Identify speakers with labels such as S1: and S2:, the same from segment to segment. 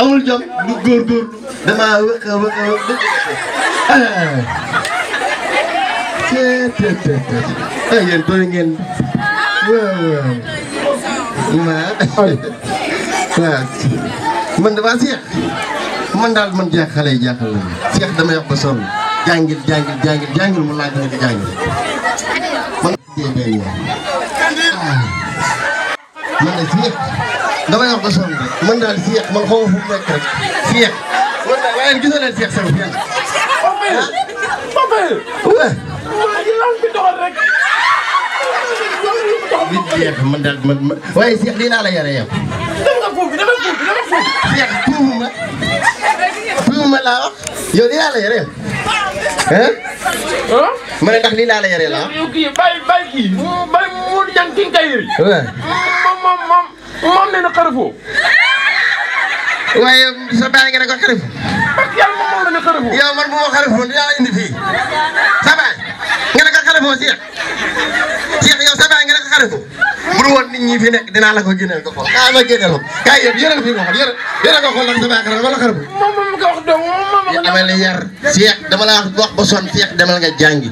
S1: amul jom lu góorgóorlu damaa wëq a wëq a wëq ah yéen bëri ngeen waaw waaw waaw man damaa man daal man jaaxale yi jaaxal nañu seex dama yokk ba sonn jàngil jàngil jàngil jàngil mu laaj nga jàngil man. Ah. man de damay wax ko sonn man daal Cheikh man xaw fu mu rek Cheikh man daal waaye gisoo leen Cheikh sama fenn. Fapal Fapal. waaw. rek. nit Cheikh man daal man man waaye Cheikh la yore yow. def nga foofu dama foofu dama foofu. Cheikh tuuma tuuma laa wax yow lii la ndax la moom nee na xarafu. waaye sa baay nga ne ko xarafu. parce que yàlla moom moo la ne xarafu. yow man bu ma xarafu dinaa la indi fii sa baay nga ne ko xarafu Seex Seex yow sa baay nga ne ko xarafu. bu dul woon nit ñi fi nekk dinaa la ko génneel ko xool ah ma génneel ko kaay yéen yéen a ko fi nga xool yéen yéen a ko xool ndax sa baay xarafu wala xarafu. moom moom nga wax dong moom moom. amal yar Seex dama la wax ba sonn Seex demal nga jàngi.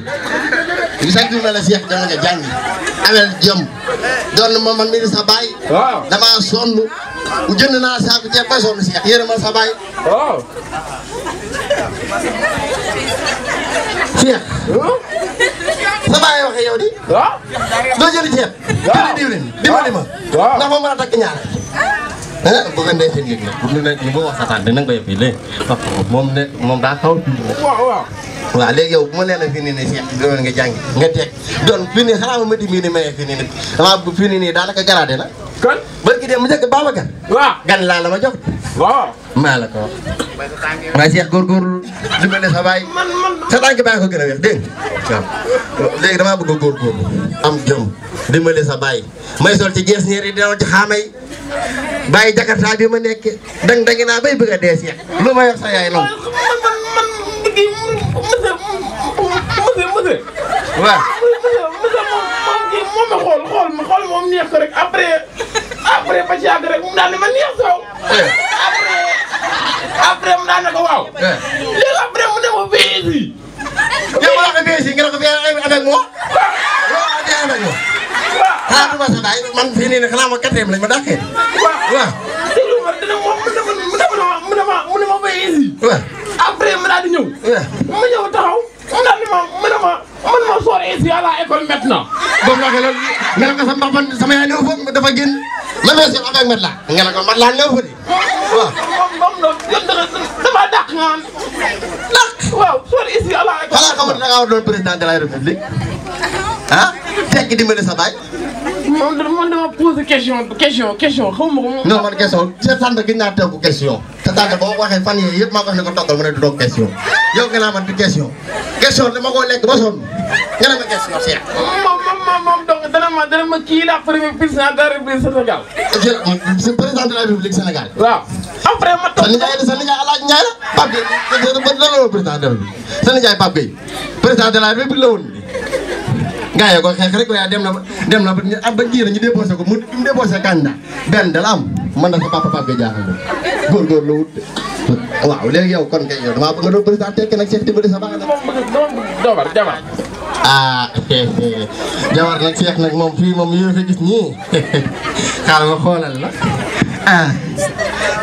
S1: li sax dina la seex dama nga jam, amel jëm doon na nama man mi di sa baay dama sonn bu jënd naa saaku ceeb ba sonn seex yére ma sa baay waaw seex sa yow di doo jënd ceeb jënd ma ma ñaar bukan dari sini, bukan dari ibu, kata anda bayar pilih. Mom, mom dah tahu. Wah, wah. waaw léegi yow bu ma leen a fii nii ne seet doon nga jàngi nga teg doon fii nii xanaa ma ma di mii ni mayee fii kon barki dem mu njëkk Babacar waaw gan laa la ma jox waaw maa la ko ko gën a weex dégg nga léegi damaa bëgg a am jom dimbale sa baay may sol ci gees ñeer yi dinaw ci xaamay bàyyi bi ma nekk dang dangi naa bay bëgg a dee Cheikh lu ma yor sa yaay law Mudah, mose waaw mose moom moom kii moom ma xool xool ma xool moom neex ko rek après après ba ci yàgg rek mu daal ne ma neex soow eh. après après mu daal ne ko waaw eh. léegi après mu ne ma béysi yow ma la béysi nga ne ko fii avec moi waaw ak yaa avec moi ah du ma sa daay man fii nii ne xanaa ma quatrième ici à la école maintenant. boobu laa koy loolu nga ne ko sama papa sama yaay néew foofu dafa génn ma weesu yow avec matelas nga ne ko matelas néew fa de waaw. moom moom dama dàq nga xam dàq. waaw sori ici à la école. xanaa xamul da ngaa war doon président de la république. ah tekki dimbali sa baay. moom man dama posé question question question xaw ma ko. non man question sa sant gi naa tegu question. te Je boo ko waxee fan yii yëpp maa ngi wax ne ko toggal mu ne du doog question yow nga naa Je du question question dama ko lekk ba sonn nga ne ma question Cheikh. moom moom moom donc dana ma dana Je kii la premier président de la République Sénégal. monsieur président de la République Sénégal. waaw après ma toog. Sani Ndiaye Sani Ndiaye alaaj Ndiaye la Pape Je lan la woon président de la République Sani Ndiaye Pape Gueye président de la République la woon. gaa yi ko xeex rek waaye dem na ba dem na ba ñu ab ah, ba jiir ñu déposé ko mu mu déposé candidat benn dala am man na ko papa papa jaaxal na góorgóor la wut waaw léegi yow kon kay yow damaa bëgg nga doon président tekki nag Cheikh Timbali sa baax na jabar jabar ah nag Cheikh nag moom fii moom yooyu fa gis ñii xaaral xoolal la ah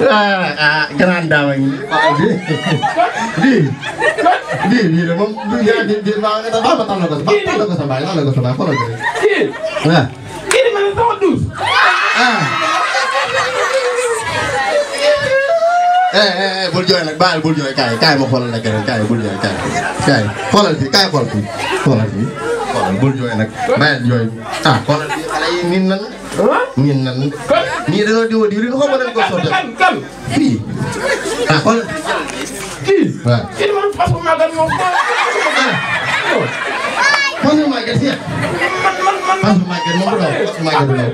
S1: ah, ah grande dame yi. Ah, di di di di di ma tànn ko sa baax tànn ko sa baax tànn ko sa baax xoolal ah. ma ne sama eh, eh eh bul nag baal bul jooy ma xoolal la keneen kaay bul jooy kaay kaay xoolal nag bàyyil jooy ah xoolal fii xale yi nan miin nan ni dañoo diwoo diw li nga xamoon ko kan kan kii ah kon kii waaw kii man papa magal moom kon ñu magal man man man magal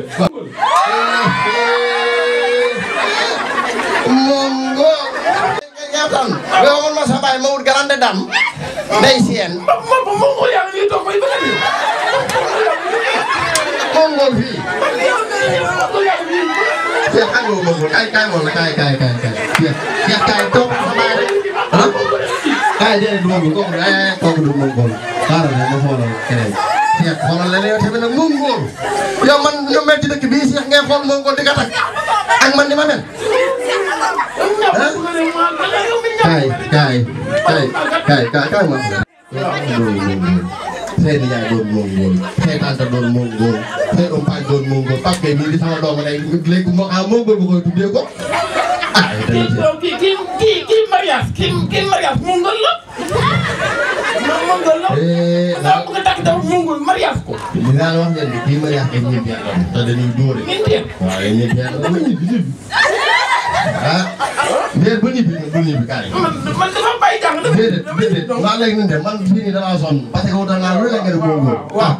S1: Siap kan mau mau kai kai mau kai kai kai kai. Siap siap kai tok sama. Hah? Kai dia dua minggu kok eh kok dua minggu. Kalau mau mau kai. Siap kalau lele tapi nang minggu. cái man ya mesti tak bisa siap ngeh kalau minggu dikata. Ang man di mana? Hah? Kai kai kai kai kai kai mau. say nijaay doon mongol say tante doon mongol say umpaañ doon mongol Pape Gueye mii di sama doomu day léegi moo xam mongol bu koy tuddee ko. ah kii kii kii kii kii mariage kii kii mariage mongol la. non mongol la. Eh, dafa bëgg a takk dafa mongol mariage ko. li nga wax ngeen ne kii mariage ak ñebe yàlla te dañuy dóore. waaye ñebe yàlla dama ñibbi ñibbi. ah. nee ba ñibbi bu ñibbi kaay. man man dafa bàyyi jàng. déedéet déedéet ndax léegi nañ de man fii nii damaa sonn parce que da ngaa lu la nga ne góob waaw. Ah.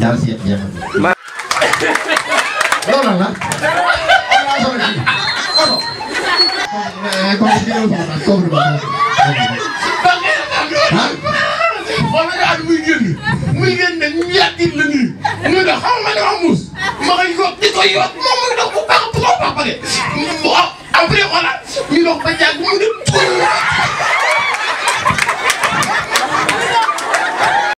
S1: jaar si yëpp jeexal. loolu la. xool nga at muy génn muy génn ne ñaati la nii ñu ne xaw ma ne ma muus ma koy yokk di ko yokk não fazia